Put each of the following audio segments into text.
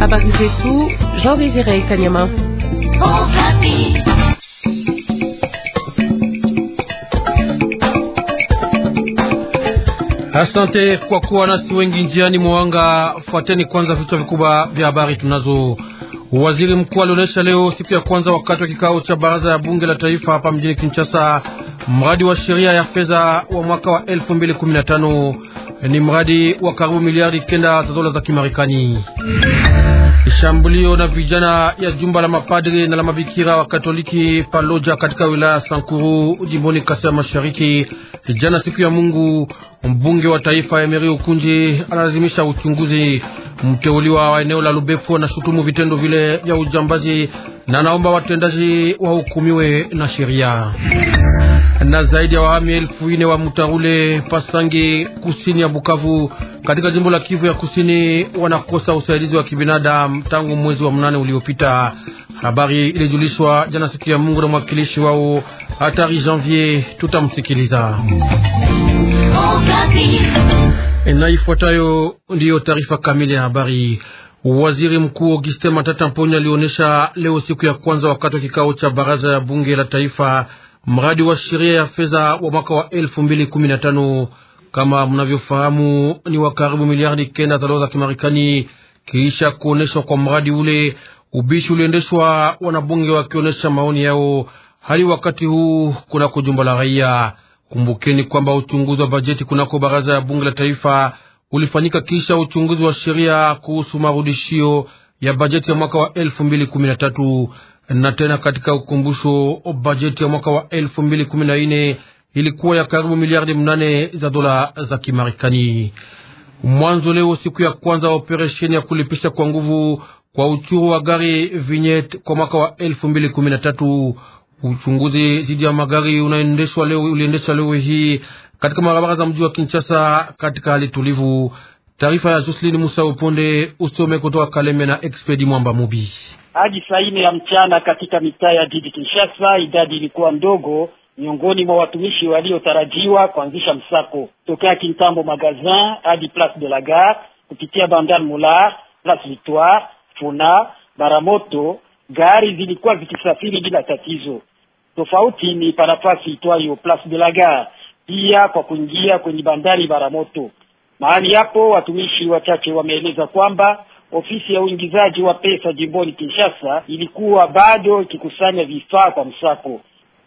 Habari zetu Jean Désiré Kanyama. Asante kwa kuwa nasi wengi njiani mwanga. Fuateni kwanza vichwa vikubwa vya habari tunazo. Waziri mkuu alionyesha leo siku ya kwanza wakati wa kikao cha baraza ya bunge la taifa hapa mjini Kinshasa mradi wa sheria ya fedha wa mwaka wa 2015 ni mradi wa karibu miliardi kenda za dola za Kimarekani. Shambulio na vijana ya jumba la mapadri na la mabikira wa Katoliki Paloja katika wilaya Sankuru jimboni Kasai ya Mashariki jana siku ya Mungu. Mbunge wa taifa emeri ukunji analazimisha uchunguzi. Mteuliwa wa eneo la Lubefu anashutumu vitendo vile vya ujambazi na naomba watendaji wahukumiwe na sheria na zaidi ya wahami elfu ine wa Mutangule Pasangi, kusini ya Bukavu, katika jimbo la Kivu ya kusini wanakosa usaidizi wa kibinadamu tangu mwezi wa mnane uliopita. Habari ilijulishwa jana siku ya Mungu na mwakilishi wao Hatari Janvier, tutamsikiliza e, na ifuatayo ndiyo taarifa kamili ya habari. Waziri Mkuu Augustin Matata Mponya alionyesha leo siku ya kwanza wakati wa kikao cha baraza ya bunge la taifa mradi wa sheria ya fedha wa mwaka wa elfu mbili kumi na tano. Kama mnavyofahamu, ni wa karibu miliardi kenda za dola za Kimarekani. Kisha kuonyeshwa kwa mradi ule, ubishi uliendeshwa, wanabunge wakionyesha maoni yao hadi wakati huu kunako jumba la raia. Kumbukeni kwamba uchunguzi wa bajeti kunako baraza ya bunge la taifa ulifanyika kisha uchunguzi wa sheria kuhusu marudishio ya bajeti ya mwaka wa elfu mbili kumi na tatu na tena katika ukumbusho, bajeti ya mwaka wa elfu mbili kumi na nne ilikuwa ya karibu miliardi mnane za dola za Kimarekani. Mwanzo leo siku ya kwanza operesheni ya kulipisha kwa nguvu kwa uchuru wa gari vinyet kwa mwaka wa elfu mbili kumi na tatu. Uchunguzi dhidi ya magari unaendeshwa leo, uliendeshwa leo hii katika barabara za mji wa Kinshasa katika hali tulivu. Taarifa ya Jocelyn Musa Uponde usome kutoka Kaleme na Expedi Mwamba Mubi. Hadi saa nne ya mchana katika mitaa ya jiji Kinshasa, idadi ilikuwa ndogo miongoni mwa watumishi waliotarajiwa kuanzisha msako tokea Kintambo Magazin hadi Place de la Gare kupitia Bandar Mular, Place Victoire, Funa, Baramoto. Gari zilikuwa zikisafiri bila tatizo. Tofauti ni panafasi itwayo Place de la Gare, pia kwa kuingia kwenye bandari Baramoto. Mahali hapo watumishi wachache wameeleza kwamba ofisi ya uingizaji wa pesa jimboni Kinshasa ilikuwa bado ikikusanya vifaa kwa msako.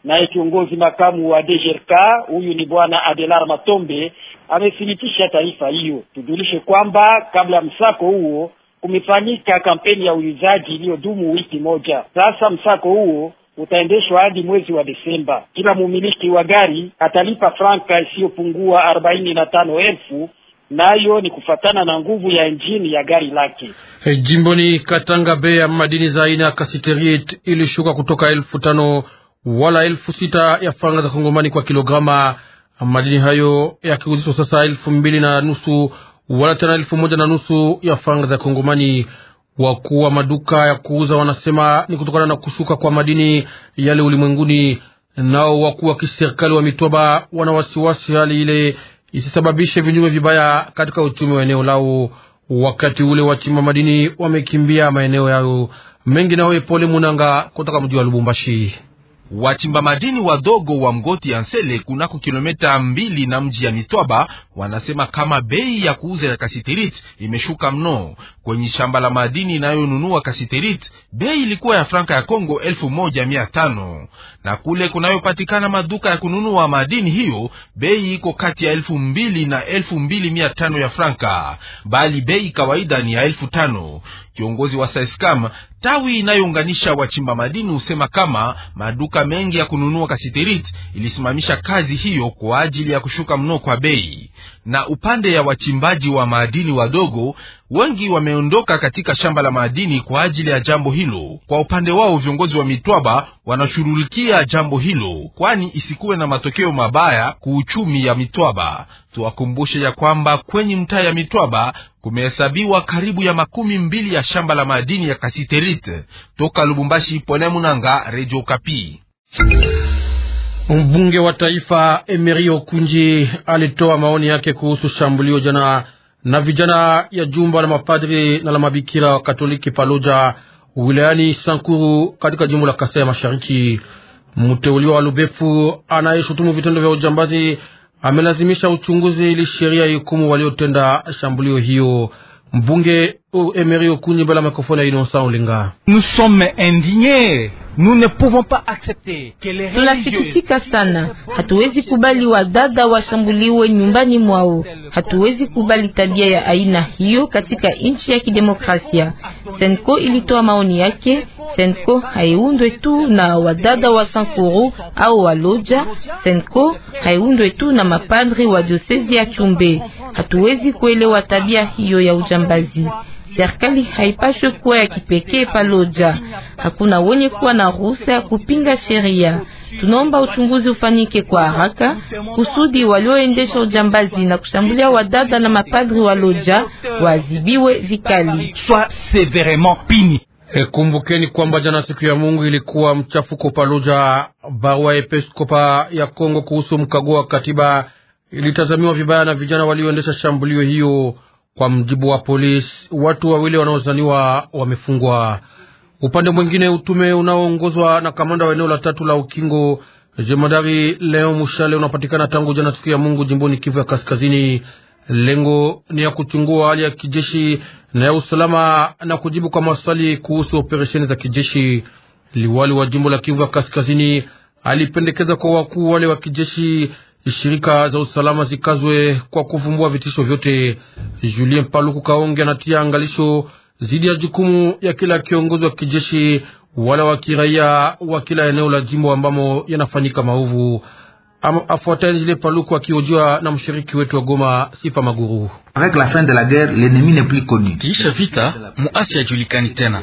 Naye kiongozi makamu wa DGRK huyu ni bwana Adelar Matombe amethibitisha taarifa hiyo. Tujulishe kwamba kabla ya msako huo kumefanyika kampeni ya uingizaji iliyodumu wiki moja. Sasa msako huo utaendeshwa hadi mwezi wa Desemba. Kila mumiliki wa gari atalipa franka isiyopungua arobaini na tano elfu nayo ni kufatana na nguvu ya injini ya gari lake. Hey, jimboni Katanga, bei ya madini za aina ya kasiteriet ilishuka kutoka elfu tano wala elfu sita ya faranga za Kongomani kwa kilograma. Madini hayo yakiuzishwa sasa elfu mbili na nusu wala tena elfu moja na nusu ya faranga za Kongomani. Wakuu wa maduka ya kuuza wanasema ni kutokana na kushuka kwa madini yale ulimwenguni. Nao wakuu wa kiserikali wa Mitoba wana wasiwasi hali ile isisababishe vinyume vibaya katika uchumi wa eneo lao. Wakati ule wachimba madini wamekimbia maeneo yao mengi. Nawe Pole Munanga kutoka mji wa Lubumbashi. Wachimba madini wadogo wa mgoti ya Nsele kunako kilomita mbili na mji ya Mitwaba wanasema kama bei ya kuuza ya kasiterit imeshuka mno. Kwenye shamba la madini inayonunua kasiterit bei ilikuwa ya franka ya Kongo elfu moja mia tano na kule kunayopatikana maduka ya kununua madini hiyo bei iko kati ya elfu mbili na elfu mbili mia tano ya franka, bali bei kawaida ni ya elfu tano. Kiongozi wa Saiskam tawi inayounganisha wachimba madini husema kama maduka mengi ya kununua kasiterit ilisimamisha kazi hiyo kwa ajili ya kushuka mno kwa bei na upande ya wachimbaji wa madini wadogo wengi wameondoka katika shamba la madini kwa ajili ya jambo hilo. Kwa upande wao, viongozi wa mitwaba wanashughulikia jambo hilo, kwani isikuwe na matokeo mabaya kuuchumi ya mitwaba. Tuwakumbushe ya kwamba kwenye mtaa ya mitwaba kumehesabiwa karibu ya makumi mbili ya shamba la madini ya kasiterite. Toka Lubumbashi, Pole Munanga, Redio Kapi. Mbunge wa taifa emeri Okunji alitoa maoni yake kuhusu shambulio jana na vijana ya jumba la mapadri na la mabikira wa Katoliki Paloja wilayani Sankuru katika jimbo la Kasai ya Mashariki. Mteuliwa wa Lubefu anayeshutumu vitendo vya ujambazi amelazimisha uchunguzi ili sheria ihukumu waliotenda shambulio hiyo. Mbunge Emery Okunye bala mikrofoni ya Innocent Olenga. Nous sommes indignés. Nous ne pouvons pas accepter que les religieux. tunasikitika sana, hatuwezi kubali wadada washambuliwe nyumbani mwao. Hatuwezi kubali tabia ya aina hiyo katika nchi ya kidemokrasia. Senko ilitoa maoni yake Senko haiundwe tu na wadada wa Sankuru au waloja. Senko haiundwe tu na mapadri wa diosezi ya Chumbe. Hatuwezi kuelewa tabia hiyo ya ujambazi. Serikali haipashwe kuwa ya kipekee paloja. Hakuna wenye kuwa na ruhusa ya kupinga sheria. Tunaomba uchunguzi ufanyike kwa haraka kusudi walioendesha ujambazi na kushambulia wadada na mapadri wa loja waadhibiwe vikali. E, kumbukeni kwamba jana siku ya Mungu ilikuwa mchafuko paluja. Barua episkopa ya Kongo kuhusu mkago wa katiba ilitazamiwa vibaya na vijana walioendesha shambulio hiyo. Kwa mjibu wa polisi, watu wawili wanaozaniwa wamefungwa. Upande mwingine, utume unaoongozwa na kamanda wa eneo la tatu la ukingo jemadari Leo Mushale unapatikana tangu jana siku ya Mungu jimboni Kivu ya Kaskazini Lengo ni ya kuchungua hali ya kijeshi na ya usalama na kujibu kwa maswali kuhusu operesheni za kijeshi. Liwali wa jimbo la Kivu ya Kaskazini alipendekeza kwa wakuu wale wa kijeshi shirika za usalama zikazwe kwa kuvumbua vitisho vyote. Julien Paluku Kaonge anatia angalisho zidi ya jukumu ya kila kiongozi wa kijeshi wala wa kiraia wa kila eneo la jimbo ambamo yanafanyika maovu afuataye zile Paluku akihojiwa na mshiriki wetu wa Goma Sifa Maguru. Avec la fin de la guerre, l'ennemi n'est plus connu. Kisha vita, muasi ajulikani tena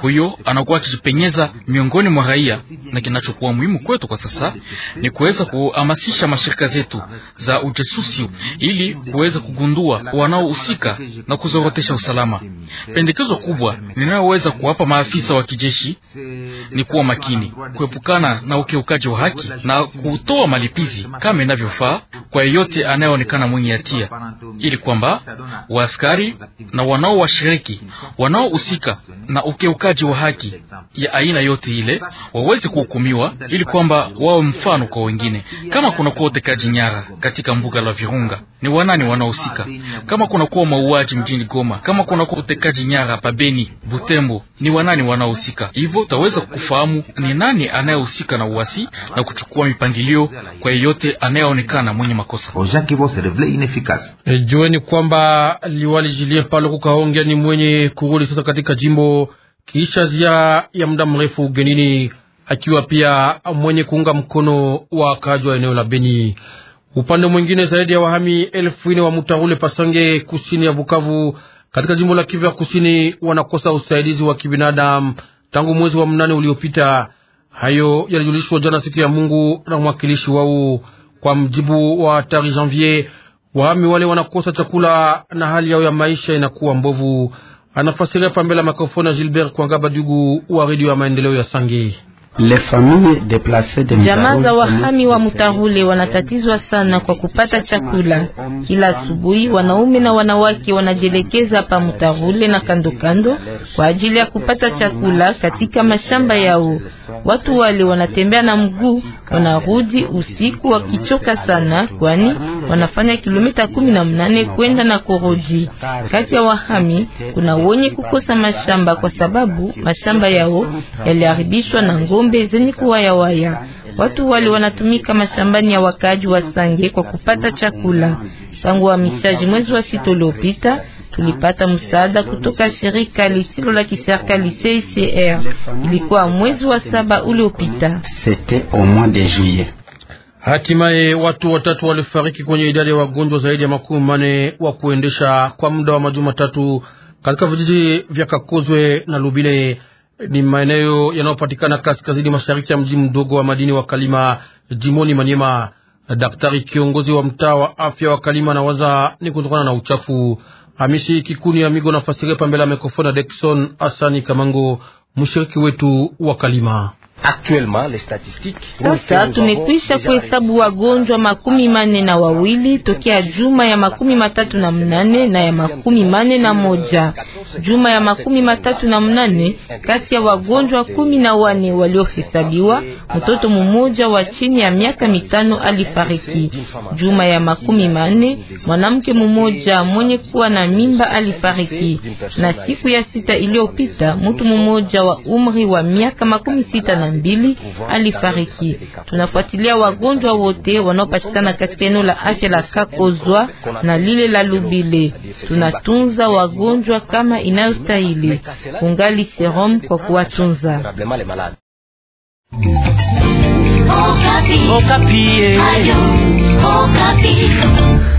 huyo anakuwa akijipenyeza miongoni mwa raia, na kinachokuwa muhimu kwetu kwa sasa ni kuweza kuhamasisha mashirika zetu za ujasusi ili kuweza kugundua wanaohusika na kuzorotesha usalama. Pendekezo kubwa ninayoweza kuwapa maafisa wa kijeshi ni kuwa makini, kuepukana na ukiukaji wa haki na kutoa malipizi kama inavyofaa kwa yeyote anayeonekana mwenye hatia, ili kwamba waaskari na wanaowashiriki wanaohusika na uke ukiukaji wa haki ya aina yote ile wawezi kuhukumiwa, ili kwamba wawe mfano kwa wengine. Kama kunakuwa utekaji nyara katika mbuga la Virunga, ni wanani wanaohusika? Kama kunakuwa mauaji mjini Goma, kama kunakuwa utekaji nyara Pabeni, Butembo, ni wanani wanaohusika? Hivyo taweza kufahamu ni nani anayehusika na uasi na kuchukua mipangilio kwa yeyote anayeonekana mwenye makosa. Eh, jueni kwamba liwali Julien Paluku Kahongia ni mwenye kurudi sasa katika jimbo kisha ziara ya muda mrefu ugenini, akiwa pia mwenye kuunga mkono kaji wa eneo la Beni. Upande mwingine, zaidi ya wahami elfu ine wa Mutarule Pasange, kusini ya Bukavu, katika jimbo la Kivu ya Kusini, wanakosa usaidizi wa kibinadamu tangu mwezi wa mnane uliopita. Hayo yalijulishwa jana siku ya Mungu na mwakilishi wao. Kwa mjibu wa Tari Janvier, wahami wale wanakosa chakula na hali yao ya maisha inakuwa mbovu anafasiria pambela makofona Gilbert Kwangaba Dugu wa redio ya maendeleo ya Sangi. Jamaa za wahami wa Mutarule wanatatizwa sana kwa kupata chakula. Kila asubuhi wanaume na wanawake wanajielekeza pa Mutarule na kandokando kwa ajili ya kupata chakula katika mashamba yao. Watu wale wanatembea na mguu, wanarudi usiku wakichoka sana, kwani wanafanya kilomita kumi na mnane kwenda na kurudi. Kati ya wahami kuna wenye kukosa mashamba kwa sababu mashamba yao yaliharibishwa na ngoma pombe zenye kuwaya waya. Watu wale wanatumika mashambani ya wakaaji wa Sange kwa kupata chakula. Tangu misaji mwezi wa sita uliopita, tulipata msaada kutoka shirika lisilo la kiserikali CICR. Ilikuwa mwezi wa saba uliopita. Hatimaye watu watatu walifariki kwenye idadi ya wagonjwa zaidi ya makumi mane wa kuendesha kwa muda wa majuma tatu katika vijiji vya Kakozwe na Lubile ni maeneo yanayopatikana kaskazini mashariki ya mji mdogo wa madini wa Kalima jimoni Manyema. Daktari kiongozi wa mtaa wa afya wa Kalima na waza ni kutokana na uchafu. Hamisi Kikuni ya Migo nafasire pambele ya mikrofoni ya Dekson Asani Kamango, mshiriki wetu wa Kalima. Sasa tumekwisha kuhesabu wagonjwa makumi mane na wawili tokea juma ya makumi matatu na mnane na ya makumi mane na moja juma ya makumi matatu na mnane kati ya wagonjwa kumi na wane waliohesabiwa, mtoto mmoja wa chini ya miaka mitano alifariki. Juma ya makumi mane mwanamke mmoja mwenye kuwa na mimba alifariki, na siku ya sita iliyopita mtu mmoja wa umri wa miaka makumi sita na mbili alifariki. Tunafuatilia wagonjwa wote wanaopatikana katika eneo la afya la Kakozwa na lile la Lubile. Tunatunza wagonjwa kama inayostahili, kungali serum kwa kuwatunza. Okapi. Oh, Okapi. Oh,